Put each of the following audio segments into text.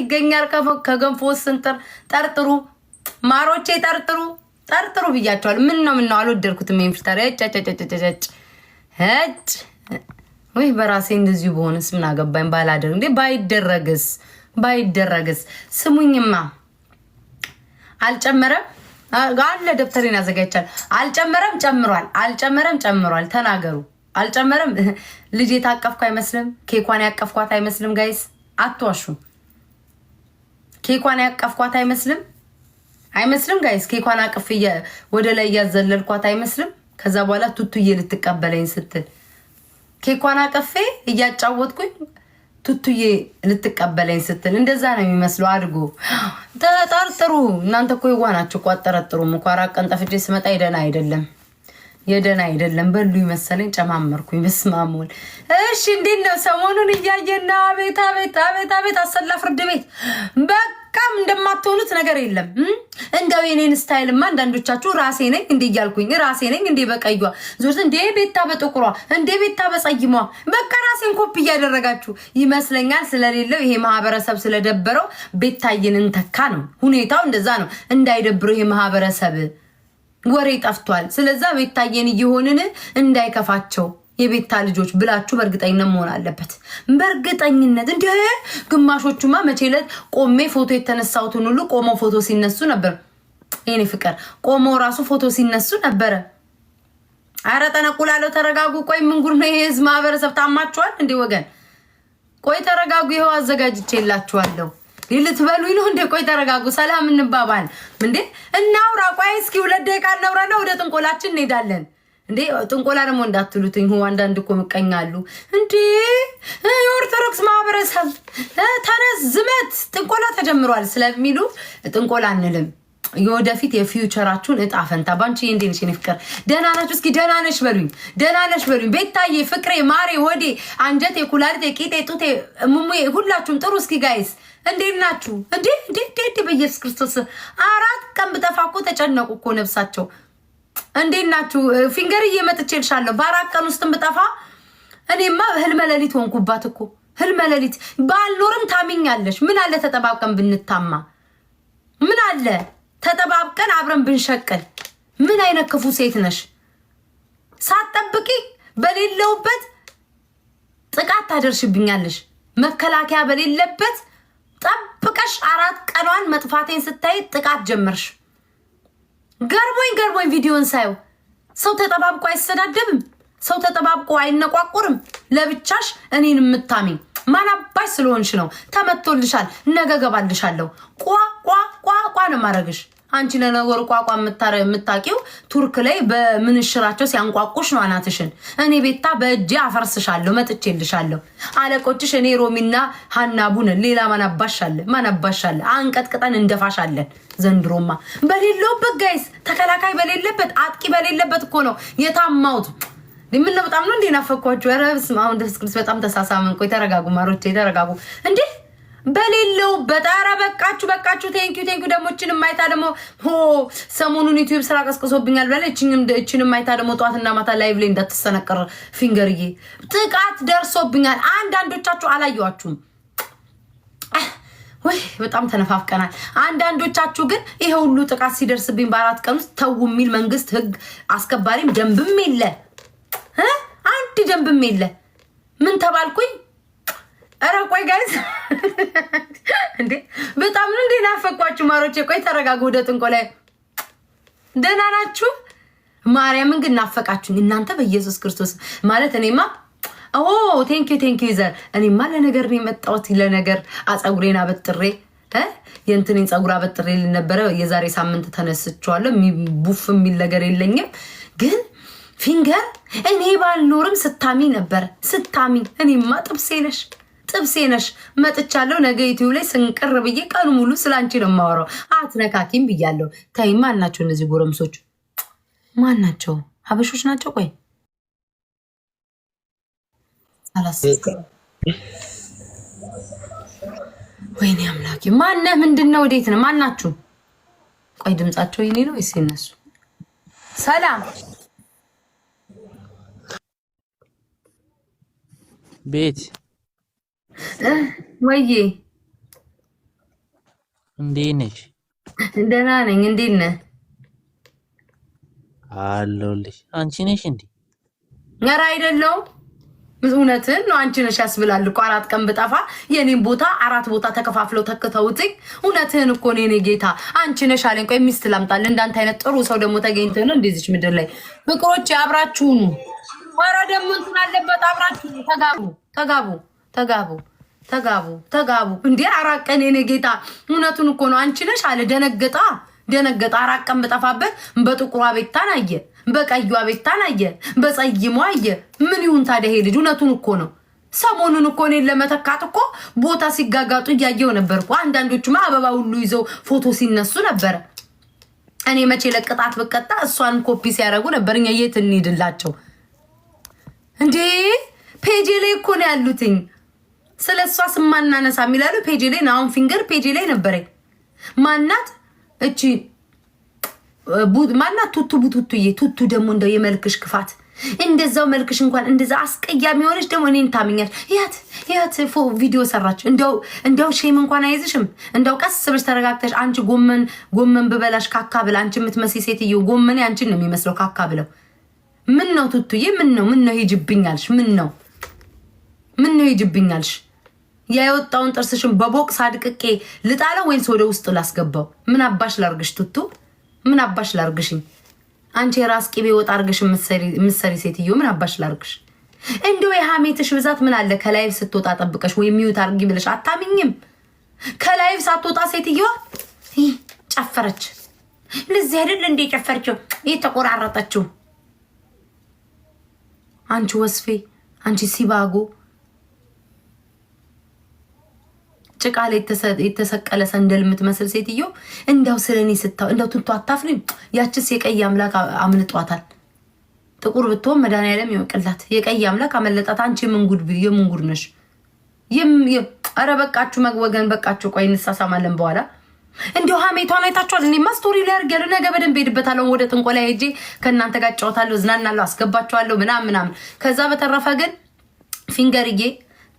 ይገኛል። ከገንፎ ስንጥር ጠርጥሩ፣ ማሮቼ ጠርጥሩ፣ ጠርጥሩ ብያቸዋል። ምን ነው ምን ነው አልወደድኩትም። ፍርታሪ ጨጨጨጨጨጭ ጭ ወይ በራሴ እንደዚሁ በሆነስ ምን አገባኝ ባላደር እንዴ ባይደረግስ ባይደረግስ ስሙኝማ አልጨመረም አለ ደብተሬን ያዘጋጃል አልጨመረም ጨምሯል አልጨመረም ጨምሯል ተናገሩ አልጨመረም ልጅ የታቀፍኩ አይመስልም ኬኳን ያቀፍኳት አይመስልም ጋይስ አትዋሹም ኬኳን ያቀፍኳት አይመስልም አይመስልም ጋይስ ኬኳን አቅፍ ወደ ላይ እያዘለልኳት አይመስልም። ከዛ በኋላ ቱቱዬ ልትቀበለኝ ስትል ኬኳን አቀፌ እያጫወትኩኝ ቱቱዬ ልትቀበለኝ ስትል እንደዛ ነው የሚመስለው። አድጎ ተጠርጥሩ እናንተ እኮ የዋናችሁ እኮ አጠረጥሩም እኮ አራት ቀን ጠፍቼ ስመጣ ይደና አይደለም የደህና አይደለም በሉ መሰለኝ ጨማመርኩኝ። በስመ እሺ እንዴት ነው ሰሞኑን እያየና አቤት አቤት አቤት አቤት አሰላ ፍርድ ቤት በቃም እንደማትሆኑት ነገር የለም። እንደው የኔን ስታይልማ አንዳንዶቻችሁ ራሴ ነኝ እንዴ እያልኩኝ ራሴ ነኝ እንዴ በቀዩ ዞርት እንዴ ቤታ በጥቁሯ እንዴ ቤታ በጸይሟ በቃ ራሴን ኮፒ እያደረጋችሁ ይመስለኛል። ስለሌለው ይሄ ማህበረሰብ ስለደበረው ቤታዬን እንተካ ነው። ሁኔታው እንደዛ ነው። እንዳይደብረው ይሄ ማህበረሰብ ወሬ ጠፍቷል። ስለዛ ቤታየን እየሆንን እንዳይከፋቸው የቤታ ልጆች ብላችሁ በእርግጠኝነት መሆን አለበት። በእርግጠኝነት እንደ ግማሾቹማ መቼ ዕለት ቆሜ ፎቶ የተነሳሁትን ሁሉ ቆሞ ፎቶ ሲነሱ ነበር። ይኔ ፍቅር ቆሞ ራሱ ፎቶ ሲነሱ ነበረ። አረ ጠነቁላለው፣ ተረጋጉ። ቆይ ምን ጉድ ነው የህዝብ ማህበረሰብ ታማችኋል እንዴ ወገን? ቆይ ተረጋጉ። ይኸው አዘጋጅቼላችኋለሁ። ልትበሉ ይሉ እንደ? ቆይ ተረጋጉ፣ ሰላም እንባባል እንዴ። እናውራ፣ ቆይ እስኪ ሁለት ደቂቃ እናውራና ወደ ጥንቆላችን እንሄዳለን። እንዴ ጥንቆላ ደግሞ እንዳትሉትኝ ሁ አንዳንድ እኮ ምቀኛሉ። እንዴ የኦርቶዶክስ ማህበረሰብ ተነዝመት ጥንቆላ ተጀምሯል ስለሚሉ ጥንቆላ አንልም። የወደፊት የፊውቸራችሁን እጣ ፈንታ ባንቺ እንዴት ነሽ? እኔ ፍቅር ደህና ናችሁ? እስኪ ደህና ነሽ በሉኝ፣ ደህና ነሽ በሉኝ። ቤታዬ፣ ፍቅሬ፣ ማሬ፣ ወዴ፣ አንጀቴ፣ ኩላሊቴ፣ ቂጤ፣ ጡቴ፣ ሙሙ ሁላችሁም ጥሩ። እስኪ ጋይስ እንዴት ናችሁ? እንዴ እንዴ እንዴ! በኢየሱስ ክርስቶስ አራት ቀን ብጠፋ እኮ ተጨነቁ እኮ ነብሳቸው እንዴት ናችሁ? ፊንገር እየመጥቼ ልሻለሁ። በአራት ቀን ውስጥም ብጠፋ እኔማ ህልመ ሌሊት ሆንኩባት እኮ ህልመ ሌሊት። ባልኖርም ታሚኛለሽ። ምን አለ ተጠባብቀን ብንታማ ምን አለ ተጠባብቀን አብረን ብንሸቅል ምን አይነት ክፉ ሴት ነሽ? ሳትጠብቂ በሌለውበት ጥቃት ታደርሽብኛለሽ። መከላከያ በሌለበት ጠብቀሽ አራት ቀኗን መጥፋቴን ስታይ ጥቃት ጀመርሽ። ገርሞኝ ገርሞኝ ቪዲዮን ሳየው ሰው ተጠባብቆ አይሰዳደብም፣ ሰው ተጠባብቆ አይነቋቁርም። ለብቻሽ እኔን የምታሚኝ ማናባሽ ስለሆንሽ ነው። ተመቶልሻል። ነገ ገባልሻለሁ። ቋ ቋ ቋ ቋ ነው ማረግሽ። አንቺ ለነገሩ ቋቋ የምታቂው ቱርክ ላይ በምንሽራቸው ሲያንቋቁሽ ነው አናትሽን። እኔ ቤታ በእጄ አፈርስሻለሁ፣ መጥቼልሻለሁ። አለቆችሽ እኔ ሮሚና ሀናቡንን ሌላ ማናባሻለ ማናባሻለ አንቀጥቅጠን እንደፋሻለን። ዘንድሮማ በሌለውበት ጋይስ፣ ተከላካይ በሌለበት አጥቂ በሌለበት እኮ ነው የታማውት ምን በጣም ነው እንዴ ናፈኳችሁ? ኧረ በስመ አብ መንፈስ ቅዱስ በጣም ተሳሳምን። ቆይ ተረጋጉ ማሮቼ ተረጋጉ። እንዴ በሌለውበት ኧረ በቃችሁ በቃችሁ። ቴንኪዩ ቴንኪዩ። ደግሞ እችንም ማይታ ደግሞ ሆ ሰሞኑን ዩቲዩብ ስራ ቀስቅሶብኛል ብላ እችንም ማይታ ደግሞ ጠዋትና ማታ ላይቭ ላይ እንዳትሰነቀር ፊንገርዬ ጥቃት ደርሶብኛል። አንዳንዶቻችሁ አላየዋችሁም ወይ በጣም ተነፋፍቀናል። አንዳንዶቻችሁ ግን ይሄ ሁሉ ጥቃት ሲደርስብኝ በአራት ቀን ውስጥ ተው የሚል መንግስት ህግ አስከባሪም ደንብም የለ አንድ ደንብም የለ። ምን ተባልኩኝ? ኧረ ቆይ ጋይዝ እንዴ! በጣም ነው እንዴ ናፈቋችሁ ማሮቼ። ቆይ ተረጋጉ። ወደ ጥንቆ ላይ ደህና ናችሁ? ማርያምን ግን ናፈቃችሁኝ እናንተ በኢየሱስ ክርስቶስ ማለት እኔማ ኦ ቴንክ ዩ ቴንኪ ቴንኪ ይዘር እኔማ ለነገር ነው የመጣሁት። ለነገር አፀጉሬን አበጥሬ የእንትኔን ፀጉር አበጥሬ ልነበረ የዛሬ ሳምንት ተነስቼዋለሁ። ቡፍ የሚል ነገር የለኝም ግን ፊንገር እኔ ባልኖርም ስታሚ ነበር ስታሚ። እኔማ ጥብሴ ነሽ ጥብሴ ነሽ። መጥቻለሁ። ነገ ዩቲዩብ ላይ ስንቅር ብዬ ቀኑ ሙሉ ስለ አንቺ ነው የማወራው። አትነካኪም ብያለሁ። ተይ። ማን ናቸው እነዚህ ጎረምሶች? ማን ናቸው? ሀበሾች ናቸው? ቆይ ወይኔ አምላኬ! ማነ ምንድን ነው? ወዴት ነው? ማን ናችሁ? ቆይ ድምጻቸው የኔ ነው ወይስ የነሱ? ሰላም ቤት ወይዬ፣ እንዴት ነሽ? ደህና ነኝ። እንዴት ነህ? አለሁልሽ። አንቺ ነሽ እንዴ? ኧረ አይደለሁም። እውነትን ነው አንቺ ነሽ ያስብላል እኮ አራት ቀን ብጠፋ የኔን ቦታ አራት ቦታ ተከፋፍለው ተክተውትኝ። እውነትህን እኮ ኔ ጌታ አንቺ ነሽ አለኝ። ቆይ ሚስት ላምጣልህ። እንዳንተ አይነት ጥሩ ሰው ደግሞ ተገኝተህ ነው እንደዚች ምድር ላይ ፍቅሮች አብራችሁኑ ኧረ ደግሞ እንትን አለበት። አብራችሁ ተጋቡ ተጋቡ ተጋቡ ተጋቡ ተጋቡ። እንዴ አራት ቀን የኔ ጌታ፣ እውነቱን እኮ ነው። አንቺ ነሽ አለ። ደነገጣ ደነገጣ። አራት ቀን በጠፋበት በጥቁሯ ቤታን አየ፣ በቀዩ ቤታን አየ፣ በፀይሟ አየ። ምን ይሁን ታዲያ ይሄ ልጅ? እውነቱን እኮ ነው። ሰሞኑን እኮ እኔን ለመተካት እኮ ቦታ ሲጋጋጡ እያየው ነበር እኮ። አንዳንዶቹማ አበባ ሁሉ ይዘው ፎቶ ሲነሱ ነበረ። እኔ መቼ ለቅጣት ብቀጣ እሷን ኮፒ ሲያደርጉ ነበር። እኛ የት እንሂድላቸው? እንዴ ፔጄ ላይ እኮ ነው ያሉትኝ። ስለ እሷ ስማናነሳ የሚላሉ ፔጄ ላይ ናሁን ፊንገር ፔጄ ላይ ነበረኝ። ማናት እቺ ማናት? ቱቱ ቡቱቱዬ ቱቱ ደግሞ እንደው የመልክሽ ክፋት እንደዛው መልክሽ እንኳን እንደዛ አስቀያሚ የሆነች ደግሞ እኔን ታምኛል። ያት ያት ፎ ቪዲዮ ሰራች። እንደው እንደው ሼም እንኳን አይዝሽም። እንደው ቀስ ብለሽ ተረጋግተሽ አንቺ ጎመን ጎመን ብበላሽ ካካ ብለ አንቺ የምትመስይ ሴትዮ ጎመኔ አንቺን ነው የሚመስለው ካካ ብለው ምን ነው ቱቱዬ? ምን ነው ምን ነው ይጅብኛልሽ? ምን ነው ምን ነው ይጅብኛልሽ? የወጣውን ጥርስሽን በቦቅስ አድቅቄ ልጣለው ወይንስ ወደ ውስጥ ላስገባው? ምን አባሽ ላርግሽ ቱቱ? ምን አባሽ ላርግሽኝ? አንቺ የራስ ቂቤ ወጥ አርግሽ ምሰሪ ሴትዮ ምን አባሽ ላርግሽ? እንዲሁ የሀሜትሽ ብዛት ምን አለ ከላይቭ ስትወጣ ጠብቀሽ ወይ ሚዩት አርጊ ብለሽ አታምኝም? ከላይቭ ሳትወጣ ሴትዮ ጨፈረች። ለዚህ አይደል እንዴ ጨፈርችው የተቆራረጠችው አንቺ ወስፌ፣ አንቺ ሲባጎ ጭቃ ላይ የተሰቀለ ሰንደል የምትመስል ሴትዮ እንዲያው ስለ እኔ ስታው እንዲያው ትንቶ አታፍሪም። ያችስ የቀይ አምላክ አምልጧታል። ጥቁር ብትሆን መድኃኒዓለም ይወቅላት። የቀይ አምላክ አመለጣት። አንቺ የምንጉድ ነሽ። ኧረ በቃችሁ መወገን፣ በቃችሁ። ቆይ እንሳሳማለን በኋላ እንዲሁ ሀሜቷን አይታችኋል። እኔማ ስቶሪ ላይ አድርጌያለሁ። ነገ በደንብ ሄድበታለሁ። ወደ ጥንቆላ ሄጄ ከእናንተ ጋር ጫወታለሁ፣ እዝናናለሁ፣ አስገባችኋለሁ ምናምን ምናምን። ከዛ በተረፈ ግን ፊንገርዬ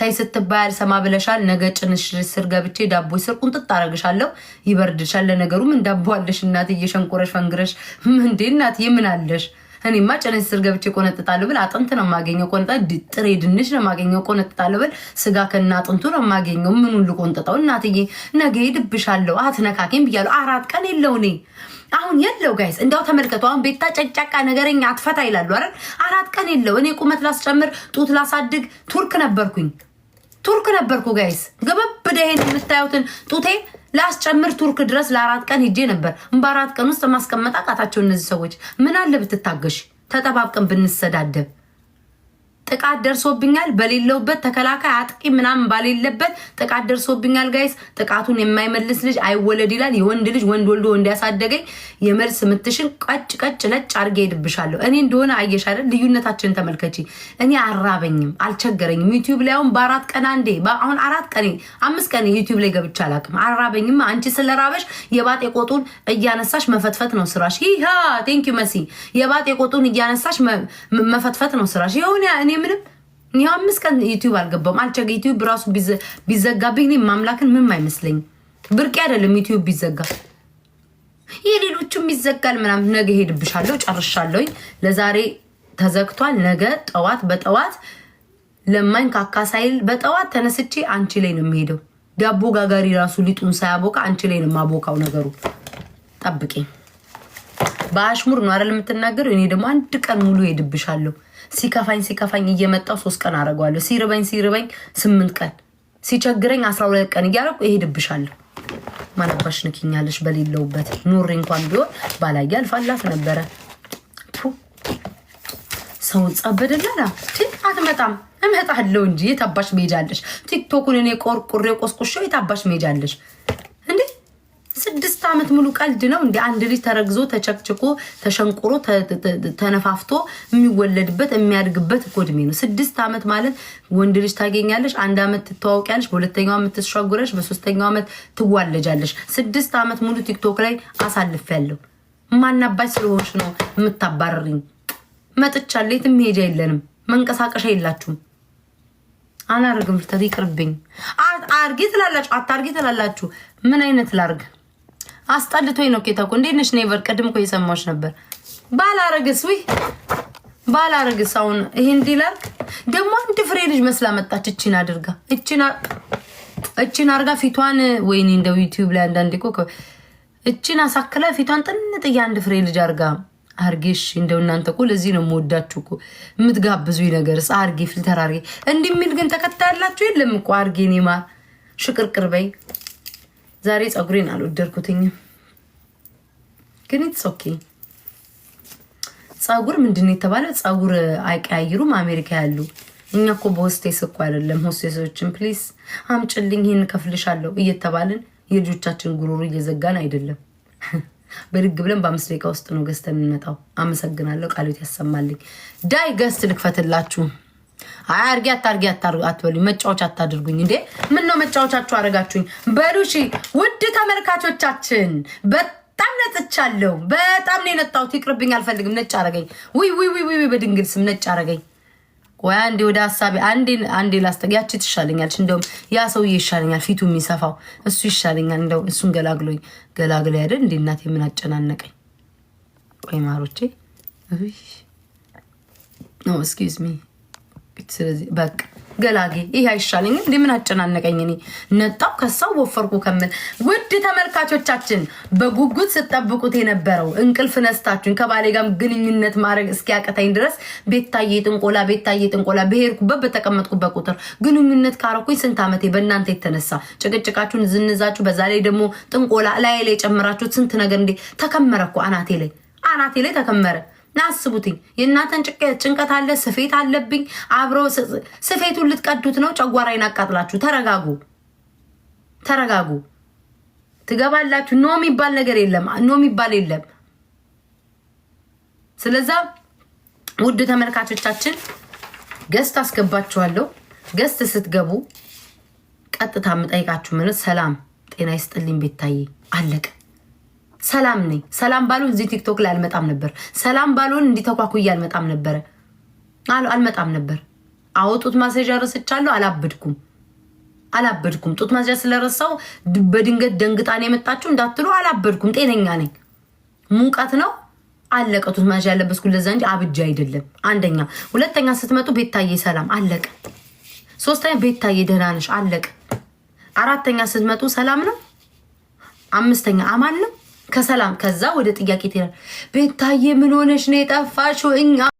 ተይ ስትባያል ሰማ ብለሻል። ነገ ጭንሽ ስር ገብቼ ዳቦ ስር ቁንጥጥ አረግሻለሁ፣ ይበርድሻል። ለነገሩ ምን ዳቦ አለሽ እናትዬ? ሸንቁረሽ ፈንግረሽ ምንዴ እናትዬ ምን አለሽ? እኔማ ጨለንጅ ስር ገብቼ ቆነጥጣለሁ ብል አጥንት ነው የማገኘው። ቆንጠ ጥሬ ድንች ነው የማገኘው። ቆነጥጣለሁ ብል ስጋ ከና አጥንቱ ነው የማገኘው። ምኑን ልቆንጥጠው? እናትዬ ነገ ይድብሻለሁ አትነካኬም ብያለሁ። አራት ቀን የለው እኔ አሁን የለው ጋይስ፣ እንዲያው ተመልከቱ። አሁን ቤታ ጨጫቃ ነገረኛ አትፈታ ይላሉ። አረ አራት ቀን የለው። እኔ ቁመት ላስጨምር ጡት ላሳድግ ቱርክ ነበርኩኝ ቱርክ ነበርኩ ጋይስ። ገበብ ይሄን የምታዩትን ጡቴ ላስጨምር ቱርክ ድረስ ለአራት ቀን ሄጄ ነበር። በአራት ቀን ውስጥ ማስቀመጥ አቃታቸው እነዚህ ሰዎች። ምን አለ ብትታገሽ፣ ተጠባብቀን ብንሰዳደብ ጥቃት ደርሶብኛል፣ በሌለውበት ተከላካይ አጥቂ ምናምን ባሌለበት ጥቃት ደርሶብኛል። ጋይስ ጥቃቱን የማይመልስ ልጅ አይወለድ ይላል። የወንድ ልጅ ወንድ ወልዶ እንዲያሳደገኝ የመልስ ምትሽን ቀጭ ቀጭ ነጭ አድርጌ ሄድብሻለሁ። እኔ እንደሆነ አየሽ አይደል? ልዩነታችንን እኔ አራበኝም፣ አልቸገረኝም። ዩቲዩብ ላይ አሁን በአራት ቀን አንዴ አሁን አራት ቀን አምስት ቀን ዩቲዩብ ላይ ገብቻ አላቅም። አራበኝም። አንቺ ስለራበሽ የባጤ ቆጡን እያነሳሽ መፈትፈት ነው ስራሽ። ይሃ ቴንኪዩ መሲ። የባጤ ቆጡን እያነሳሽ መፈትፈት ነው ስራሽ። የሆነ እኔ ምንም እኔ አምስት ቀን ዩቲዩብ አልገባም። አልቸ ዩቲዩብ ራሱ ቢዘጋብኝ እኔ ማምላክን ምንም አይመስለኝም። ብርቅ አይደለም ዩቲዩብ ቢዘጋ የሌሎቹም ይዘጋል ምናምን። ነገ ሄድብሻለሁ፣ ጨርሻለሁ። ለዛሬ ተዘግቷል። ነገ ጠዋት በጠዋት ለማኝ ካካ ሳይል በጠዋት ተነስቼ አንቺ ላይ ነው የምሄደው። ዳቦ ጋጋሪ ራሱ ሊጡን ሳያቦካ አንቺ ላይ ነው የማቦካው። ነገሩ ጠብቄ በአሽሙር ነው አይደል የምትናገረው። እኔ ደግሞ አንድ ቀን ሙሉ ሄድብሻለሁ ሲከፋኝ ሲከፋኝ እየመጣው ሶስት ቀን አደርገዋለሁ። ሲርበኝ ሲርበኝ ስምንት ቀን ሲቸግረኝ አስራ ሁለት ቀን እያደረኩ እሄድብሻለሁ። ማናባሽ ንኪኛለሽ በሌለውበት ኑሪ እንኳን ቢሆን ባላየ አልፋላት ነበረ። ሰው ጸበደላላ አትመጣም እመጣለሁ እንጂ የታባሽ መሄጃለሽ። ቲክቶኩን እኔ ቆርቁሬ ቆስቁሻው የታባሽ መሄጃለሽ ዓመት ሙሉ ቀልድ ነው እንደ አንድ ልጅ ተረግዞ ተቸክችኮ ተሸንቁሮ ተነፋፍቶ የሚወለድበት የሚያድግበት ኮድሜ እድሜ ነው። ስድስት ዓመት ማለት ወንድ ልጅ ታገኛለሽ፣ አንድ ዓመት ትተዋውቂያለሽ፣ በሁለተኛው ዓመት ትሻጉረሽ፣ በሶስተኛው ዓመት ትዋለጃለሽ። ስድስት ዓመት ሙሉ ቲክቶክ ላይ ያለው ማናባች ስለሆንሽ ነው የምታባረሪኝ? መጥቻለሁ። የትም መሄጃ የለንም፣ መንቀሳቀሻ የላችሁም። አላርግም፣ ፍተት ይቅርብኝ። አርጌ ትላላችሁ፣ አታርጌ ትላላችሁ። ምን አይነት ላርግ? አስጠልቶኝ ነው። ኬታኮ። እኮ እንዴት ነሽ? ኔቨር ቅድም እኮ እየሰማሁሽ ነበር። ባላረግስ ወይ ባላረግስ አሁን ይሄ እንዲህ ላድርግ። ደግሞ አንድ ፍሬ ልጅ መስላ መጣች። እቺን አድርጋ እቺን አድርጋ ፊቷን ወይኔ፣ እንደው ዩቲዩብ ላይ አንዳንዴ እኮ እቺን አሳክላ ፊቷን ጥንጥ አንድ ፍሬ ልጅ አድርጋ አርጌሽ እንደው እናንተ እኮ ለዚህ ነው የምወዳችሁ እኮ የምትጋብዙ ነገር አርጌ ፊልተር አርጌ እንዲህ የሚል ግን ተከታይ ያላችሁ የለም እኮ አርጌ ኔማር ሽቅርቅር በይ ዛሬ ፀጉሬን አልወደድኩትኝም፣ ግን ኢትስ ኦኬ። ፀጉር ምንድን ነው የተባለ ፀጉር አይቀያይሩም አሜሪካ ያሉ። እኛ እኮ በሆስቴስ እኮ አይደለም ሆስቴሶችን ፕሊስ አምጭልኝ ይህን ከፍልሻለሁ እየተባልን የልጆቻችን ጉሮሮ እየዘጋን አይደለም። ብድግ ብለን በአምስት ደቂቃ ውስጥ ነው ገዝተን የምንመጣው። አመሰግናለሁ። ቃሉት ያሰማልኝ። ዳይ ገስት ልክፈትላችሁ። አርጌ አታርጌ አትበሉኝ፣ መጫወቻ አታድርጉኝ። እንዴ ምን ነው መጫወቻችሁ አረጋችሁኝ? በሉ እሺ፣ ውድ ተመልካቾቻችን በጣም ነጥቻለሁ። በጣም ነው የነጣሁት። ይቅርብኝ፣ አልፈልግም። ነጭ አረገኝ። ውይ ውይ ውይ ውይ፣ በድንግል ስም ነጭ አረገኝ። ወይ አንዴ ወደ ሀሳቤ አንዴ አንዴ ላስጠቅ። ያቺ ትሻለኛለች፣ እንደውም ያ ሰውዬ ይሻለኛል፣ ፊቱ የሚሰፋው እሱ ይሻለኛል። እንደው እሱን ገላግሎኝ ገላግሎ ያደ እንዴ እናቴ ምን አጨናነቀኝ። ቆይ ማሮቼ እስኪዝ ሚ ስለዚህ በቃ ገላጌ ይህ አይሻለኝ እንደ ምን አጨናነቀኝ? እኔ ነጣው ከሰው ወፈርኩ ከምል ውድ ተመልካቾቻችን በጉጉት ስጠብቁት የነበረው እንቅልፍ ነስታችሁን ከባሌ ጋርም ግንኙነት ማድረግ እስኪያቅተኝ ድረስ ቤታዬ ጥንቆላ፣ ቤታዬ ጥንቆላ በሄድኩበት በተቀመጥኩበት ቁጥር ግንኙነት ካረኩኝ ስንት ዓመቴ በእናንተ የተነሳ ጭቅጭቃችሁን ዝንዛችሁ፣ በዛ ላይ ደግሞ ጥንቆላ ላይ ላይ የጨመራችሁት ስንት ነገር እንዴ! ተከመረ እኮ አናቴ ላይ አናቴ ላይ ተከመረ። ናስቡትኝ የእናንተን ጭንቀት አለ፣ ስፌት አለብኝ። አብረው ስፌቱን ልትቀዱት ነው። ጨጓራዬን አቃጥላችሁ ተረጋጉ፣ ተረጋጉ። ትገባላችሁ። ኖ የሚባል ነገር የለም፣ ኖ የሚባል የለም። ስለዛ ውድ ተመልካቾቻችን ገስት አስገባችኋለሁ። ገስት ስትገቡ ቀጥታ የምጠይቃችሁ ምንስ ሰላም ጤና ይስጥልኝ ቤታዬ አለቀ። ሰላም ነኝ። ሰላም ባልሆን እዚህ ቲክቶክ ላይ አልመጣም ነበር። ሰላም ባልሆን እንዲተኳኩዬ አልመጣም ነበረ አልመጣም ነበር። አዎ ጡት ማስያዣ ረስቻለሁ። አላበድኩም አላበድኩም። ጡት ማስያዣ ስለረሳው በድንገት ደንግጣን የመጣችሁ እንዳትሉ፣ አላበድኩም። ጤነኛ ነኝ። ሙቀት ነው አለቀ። ጡት ማስያዣ ያለበስኩ ለዛ እንጂ አብጃ አይደለም። አንደኛ። ሁለተኛ ስትመጡ ቤታዬ ሰላም አለቀ። ሶስተኛ ቤታዬ ደህና ነሽ አለቀ። አራተኛ ስትመጡ ሰላም ነው። አምስተኛ አማን ነው። ከሰላም ከዛ ወደ ጥያቄ ትሄዳል። ቤታዬ ምን ሆነሽ ነው የጠፋሽው? እኛ